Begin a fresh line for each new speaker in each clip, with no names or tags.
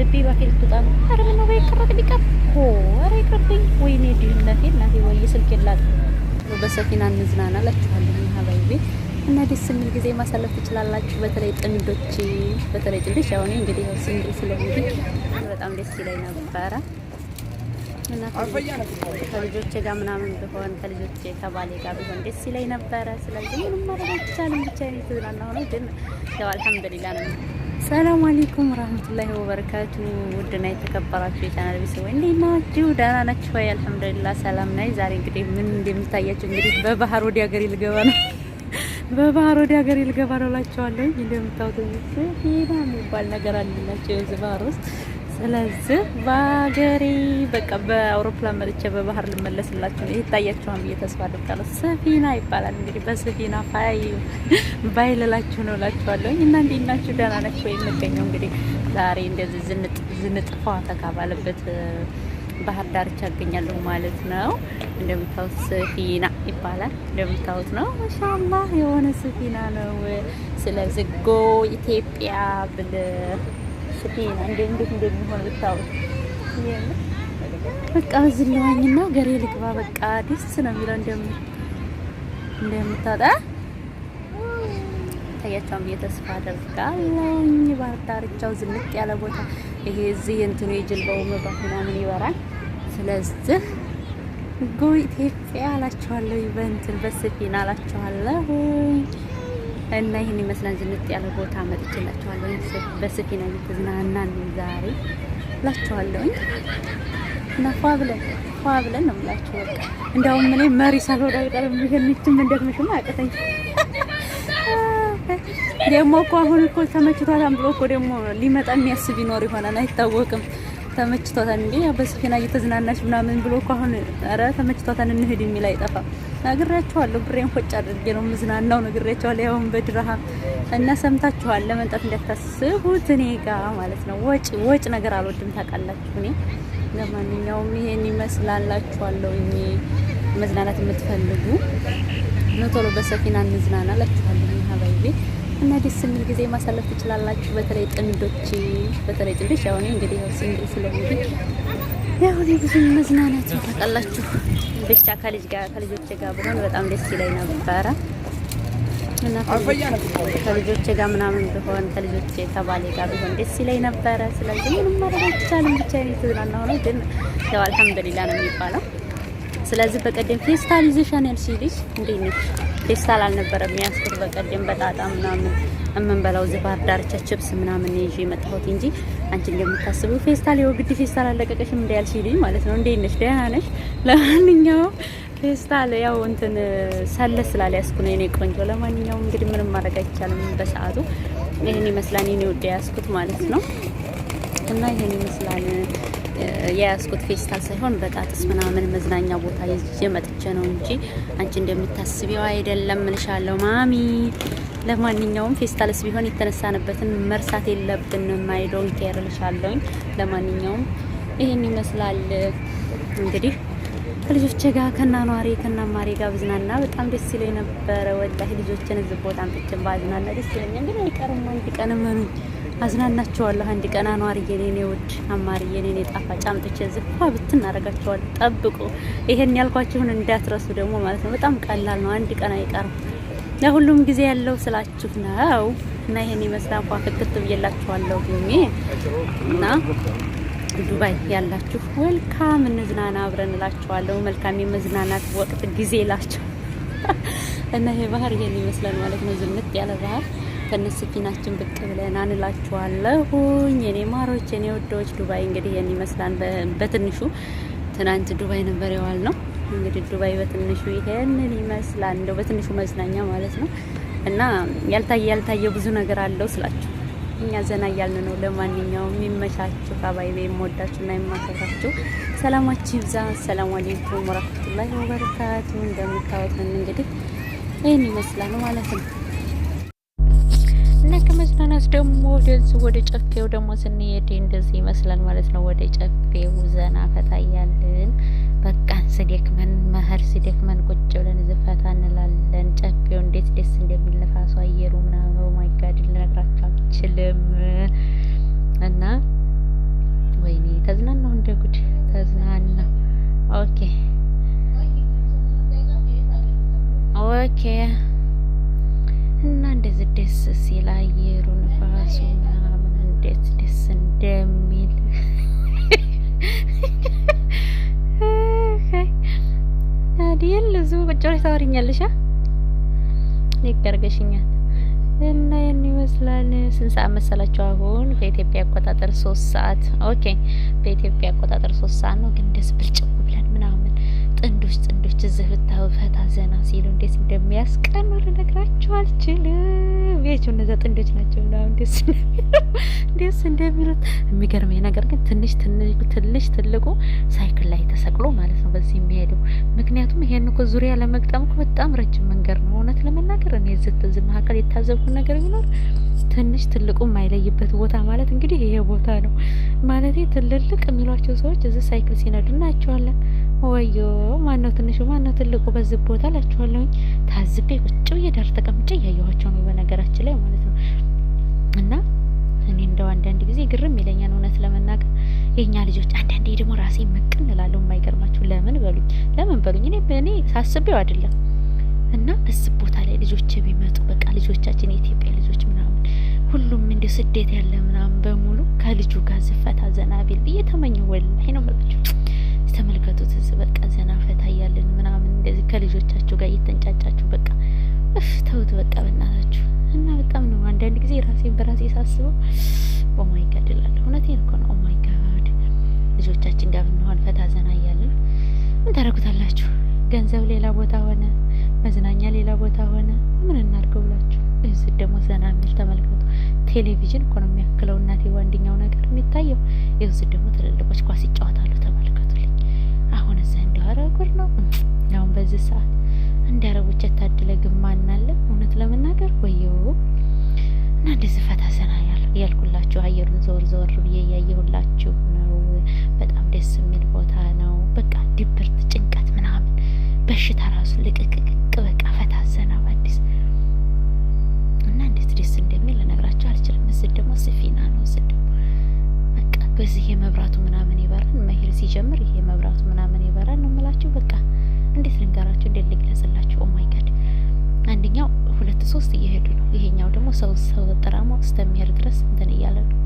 ልቤ ባፌ ልትወጣ ነው። ኧረ ምነው በይ ቅረት ቢቀር ሆ ኧረ ይቅርብኝ። ወይኔ ድህነቴ እናቴ ወይ ስልክ የላት በሰፊና እንዝናና ላችኋለሁ ማህበራዊ ቤት እና ደስ የሚል ጊዜ ማሳለፍ ትችላላችሁ። በተለይ ጥንዶች በተለይ ጥንዶች አሁን እንግዲህ ያው ሲንግል ስለሆኑ በጣም ደስ ይለኝ ነበረ እና ከልጆቼ ጋር ምናምን ብሆን ከልጆቼ ከባሌ ጋር ቢሆን ደስ ይለኝ ነበረ። ስለዚህ ምንም ማድረግ አይቻልም። ብቻ ነው ሆኖ ግን ያው አልሐምዱሊላ ነው ሰላም አለይኩም ረህመቱላሂ ወበረካቱ። ውድና የተከበራችሁ የቻናል ቤተሰቦች እንዴት ናችሁ? ደህና ናችሁ ወይ? አልሐምዱሊላህ ሰላም ነኝ። ዛሬ እንግዲህ ምን እንደምታያችሁ እንግዲህ በባህር ወደ ሀገሬ ልገባ ነው፣ በባህር ወደ ሀገሬ ልገባ ነው እላቸዋለሁ። እንደምታውቁት ሄዳ የሚባል ነገር አለላቸው የዚህ ባህር ውስጥ ስለዚህ በሀገሬ በቃ በአውሮፕላን መጥቼ በባህር ልመለስላችሁ ነው። ይታያችኋል ብዬ ተስፋ አድርጋለሁ። ሰፊና ይባላል እንግዲህ በሰፊና ፋይ ባይልላችሁ ነው እላችኋለሁ። እና እንዴት ናችሁ? ደህና ናችሁ ወይ? የምገኘው እንግዲህ ዛሬ እንደዚህ ዝንጥ ዝንጥፋ ተካ ባለበት ባህር ዳርቻ አገኛለሁ ማለት ነው። እንደምታዩት ሰፊና ይባላል። እንደምታዩት ነው ማሻአላህ የሆነ ሰፊና ነው። ስለዚህ ጎ ኢትዮጵያ ብል እስኪ እንዴት እንዴት እንደሚሆን ብታወቅ በቃ ዝለዋኝና ገሬ ልግባ። በቃ ደስ ነው የሚለው እንደምታወጣ ታያቸውን ብዬ ተስፋ አደርጋለኝ። ባህር ዳርቻው ዝንጥ ያለ ቦታ ይሄ እዚህ እንትኑ የጀልባው መብራት ምናምን ይበራል። ስለዚህ ጎ ኢትዮጵያ አላችኋለሁ፣ በእንትን በስፊና አላችኋለሁ። እና ይህን ይመስላል ዝንጥ ያለ ቦታ መጥቼላችኋለሁ። በስፊና እየተዝናናን ዛሬ ብላችኋለሁኝ እና ፏ ብለን ፏ ብለን ነው ብላችሁ ወጣ። እንደውም እኔ መሪ ሳልሆን አይቀርም። ይሄን ይችም እንደምሽማ አያቅተኝ ደግሞ እኮ አሁን እኮ ተመችቷታን ብሎ እኮ ደግሞ ሊመጣ የሚያስብ ይኖር ይሆናል አይታወቅም። ተመችቷታን እንዴ በስፊና እየተዝናናች ምናምን ብሎ እኮ አሁን ኧረ ተመችቷታን እንሂድ የሚል አይጠፋም። ነግሬያችኋለሁ። ብሬን ፎጭ አድርጌ ነው ምዝናናው። ነግሬያችኋለሁ። ያውን በድርሃም እና ሰምታችኋል። ለመንጠፍ እንዳታስቡት እኔ ጋ ማለት ነው። ወጪ ወጪ ነገር አልወድም ታውቃላችሁ። እኔ ለማንኛውም ይሄን ይመስላላችኋለሁ። እኔ መዝናናት የምትፈልጉ ነው ቶሎ በሰፊና እንዝናና ላችኋለሁ። ሀበይቤ እና ደስ የሚል ጊዜ ማሳለፍ ትችላላችሁ። በተለይ ጥንዶች በተለይ ጥንዶች ያው እንግዲህ ያው ሲንግል ስለሆንኩኝ ያው ብዙ መዝናናት ታውቃላችሁ ብቻ ከልጅ ጋር ከልጆቼ ጋር ብሆን በጣም ደስ ይለኝ ነበረ እና ከልጆቼ ጋር ምናምን ብሆን ከልጆቼ ከባሌ ጋር ብሆን ደስ ይለኝ ነበረ። ስለዚህ ምንም ማድረግ አይቻልም። ብቻ ነው የተዝናና ሆነው ግን ያው አልሐምዱሊላ ነው የሚባለው። ስለዚህ በቀደም ፌስታል ይዘሻናል ሲልሽ እንዴት ነሽ? ፌስታል አልነበረም ያስኩት በቀደም በጣጣ ምናምን የምንበላው እዚህ ባህር ዳርቻ ችፕስ ምናምን ይዤ መጣሁት እንጂ አንቺ እንደምታስቡ ፌስታል ይኸው ግድ ፌስታል አለቀቀሽም እንዳያል ሲልኝ ማለት ነው። እንዴት ነሽ? ደህና ነሽ? ለማንኛውም ፌስታል ያው እንትን ሰለ ስላል ያስኩ ነው የኔ ቆንጆ። ለማንኛውም እንግዲህ ምንም ማድረግ አይቻልም። በሰዓቱ ይህን ይመስላል የኔ ውድ ያስኩት ማለት ነው እና ይህን ይመስላል የያዝኩት ፌስታል ሳይሆን በጣጥስ ምናምን መዝናኛ ቦታ ይዤ መጥቼ ነው እንጂ አንቺ እንደምታስቢው አይደለም እልሻለሁ ማሚ። ለማንኛውም ፌስታልስ ቢሆን የተነሳንበትን መርሳት የለብንም። አይ ዶንት ኬር ለማንኛውም ይህን ይመስላል እንግዲህ ከልጆቼ ጋር ከና ማሪ ጋር ብዝናና በጣም ደስ ይለኝ ነበረ። ወላሂ ልጆችን እዚህ ቦታ አንጥቼን ባዝናና ደስ ይለኛል። ግን አይቀርም አንድ ቀን መኑኝ አዝናናቸዋለሁ። አንድ ቀን አኗሪ የኔኔ ውድ አማሪ የኔኔ ጣፋጭ አምጥቼ እዚህ ኳ ብትን አደርጋቸዋለሁ። ጠብቁ። ይሄን ያልኳችሁን እንዳትረሱ ደግሞ ማለት ነው። በጣም ቀላል ነው። አንድ ቀን አይቀርም። ለሁሉም ጊዜ ያለው ስላችሁ ነው እና ይሄን ይመስላል። ፏ ፍክት ብዬላችኋለሁ እና ዱባይ ያላችሁ መልካም እንዝናና አብረን እላችኋለሁ። መልካም የመዝናናት ወቅት ጊዜ ላችሁ እና ይሄ ባህር ይሄን ይመስላል ማለት ነው። ዝምት ያለ ባህር ፊናችን ብቅ ብለን አንላችኋለሁኝ። የኔ ማሮች፣ የኔ ወዶች ዱባይ እንግዲህ ይሄን ይመስላል በትንሹ። ትናንት ዱባይ ነበር የዋል ነው እንግዲህ ዱባይ በትንሹ ይሄንን ይመስላል። እንደው በትንሹ መዝናኛ ማለት ነው እና ያልታየ ያልታየ ብዙ ነገር አለው ስላችሁ እኛ ዘና እያልን ነው። ለማንኛውም የሚመቻችሁ ካባይ የምወዳችሁ እና የማከብራችሁ ሰላማችሁ ይብዛ። ሰላም አለይኩም ወራህመቱላሂ ወበረካቱ። እንደምታወቀን እንግዲህ ይህን ይመስላል ማለት ነው። እና መዝናናት ደግሞ ወደዚህ ወደ ጨፌው ደግሞ ስንሄድ እንደዚህ ይመስላል ማለት ነው። ወደ ጨፌው ዘና ፈታ እያልን በቃን። ስደክመን መኸር ስደክመን ቁጭ ብለን ዝፈታ እንላለን። ጨፌው እንዴት ደስ እንደሚል ነፋሱ፣ አየሩ ምናምን ማይጋድ oh ልነግራቸው አልችልም። እና ወይኔ ተዝናናሁ፣ እንደ ጉድ ተዝናናሁ። ኦኬ ኦኬ። እና እንደዚህ ደስ ሲል አየሩ፣ ንፋሱ ምናምን እንዴት ደስ እንደሚል ቁጭ ብለሽ ታወሪኛለሽ። ኔክ እና ያን ይመስላል። ስንት ሰዓት መሰላችሁ? አሁን በኢትዮጵያ አቆጣጠር ሶስት ሰዓት ኦኬ፣ በኢትዮጵያ አቆጣጠር ሶስት ሰዓት ነው። ግን ደስ ብልጭው ብለን ምናምን ጥንዶች ጥንዶች እዚህ ፈታ ዘና ሲሉ እንዴት እንደሚያስቀኑ ልነግራችሁ አልችልም። ያቸው እነዛ ጥንዶች ናቸው ምናምን ደስ እንደሚሉት የሚገርመኝ ነገር ግን ትንሽ ትንሽ ትልቁ ሳይ ተሰቅሎ ማለት ነው በዚህ የሚሄደው። ምክንያቱም ይሄን እኮ ዙሪያ ለመግጠም እኮ በጣም ረጅም መንገድ ነው። እውነት ለመናገር እኔ ዝ መካከል የታዘብኩት ነገር ቢኖር ትንሽ ትልቁ የማይለይበት ቦታ ማለት እንግዲህ ይሄ ቦታ ነው ማለት ትልልቅ የሚሏቸው ሰዎች እዚህ ሳይክል ሲነዱ እናያቸዋለን። ወዮ ማነው ትንሹ ማነው ትልቁ በዚህ ቦታ ላችኋለሁኝ። ታዝቤ ቁጭ ብዬ ዳር ተቀምጬ እያየኋቸው ነው በነገራችን ላይ ማለት ነው እና እኔ እንደው አንዳንድ ጊዜ ግርም ይለኛል እውነት ለመናገር የእኛ ልጆች። አንዳንዴ ደግሞ ራሴ ምቅን እላለሁ። የማይገርማችሁ ለምን በሉኝ፣ ለምን በሉኝ። እኔ እኔ ሳስበው አይደለም እና እዚህ ቦታ ላይ ልጆች የሚመጡ በቃ ልጆቻችን የኢትዮጵያ ልጆች ምናምን ሁሉም እንደ ስደት ያለ ምናምን በሙሉ ከልጁ ጋር ዝፈታ ዘና ቢል ብዬ ተመኘሁ። ወላሂ ነው የምላችሁ። ተመልከቱት፣ እዚህ በቃ ዘና ፈታ እያለን ምናምን እንደዚህ ከልጆቻችሁ ጋር እየተንጫጫችሁ በቃ እፍ ተውት በቃ በእናታችሁ። እና በጣም ነው አንዳንድ ጊዜ ራሴን በራሴ ሳስበው ኦማይ ጋድ እላለሁ። እውነቴን እኮ ነው። ኦማይ ጋድ ልጆቻችን ጋር ብንሆን ፈታ ዘና እያለን ምን ታደርጉታላችሁ? ገንዘብ ሌላ ቦታ ሆነ፣ መዝናኛ ሌላ ቦታ ሆነ። ምን እናድርገው ብላችሁ እዚህ ደግሞ ዘና የሚል ተመልከቱ። ቴሌቪዥን እኮ ነው የሚያክለው እናቴ፣ ዋንድኛው ነገር የሚታየው የዚህ ደግሞ ትልልቆች ኳስ ይጫወታሉ። ተመልከቱልኝ አሁን እዚህ እንደዋረ ጉድ ነው ያሁን በዚህ ሰዓት እንዲያረቦች የታደለ እየሄድኩላችሁ አየሩን ዘወር ዘወር ብዬ እያየሁላችሁ ነው። በጣም ደስ የሚል ቦታ ነው። በቃ ድብርት፣ ጭንቀት ምናምን በሽታ ራሱ ልቅቅቅቅ በቃ ፈታ ዘና በአዲስ እና እንዴት ደስ እንደሚል ልነግራችሁ አልችልም። እዚህ ደግሞ ስፊና ነው። እዚህ ደግሞ በቃ በዚህ የመብራቱ ምናምን ይበራል። መሄድ ሲጀምር ይሄ የመብራቱ ምናምን ይበራል ነው የምላችሁ። በቃ እንዴት ልንገራችሁ፣ እንዴት ልግለጽላችሁ? ኦማይ ጋድ አንደኛው ሁለት ሶስት እየሄዱ ነው። ይሄኛው ደግሞ ሰው ሰው ተጠራሞ እስከሚሄድ ድረስ እንትን እያለ ነው።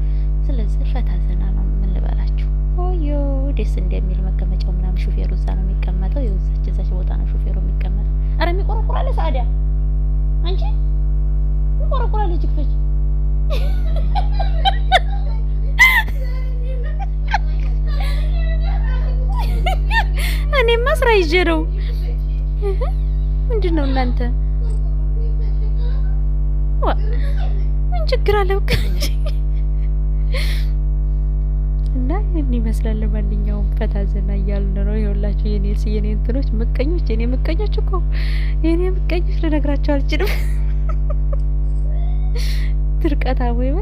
ስለዚህ ፈታ ዘና ነው የምንበላችሁ። ኦዮ ደስ እንደሚል መቀመጫው ምናምን ሹፌሩ እዛ ነው የሚቀመጠው። የውዛች ዛች ቦታ ነው ሹፌሩ የሚቀመጠው። አረ የሚቆረቁራለ ሳዲያ አንቺ የሚቆረቁራለ ጅግፈች እኔማ ስራ ይዤ ነው ምንድን ነው እናንተ ምን ችግር አለው እና ይህን ይመስላል። ፈታ ዘና እያልን ነው የሁላችሁ የኔ የኔ እንትኖች ምቀኞች፣ የኔ ምቀኞች እኮ የኔ ምቀኞች ልነግራቸው አልችልም። ድርቀታ ወይ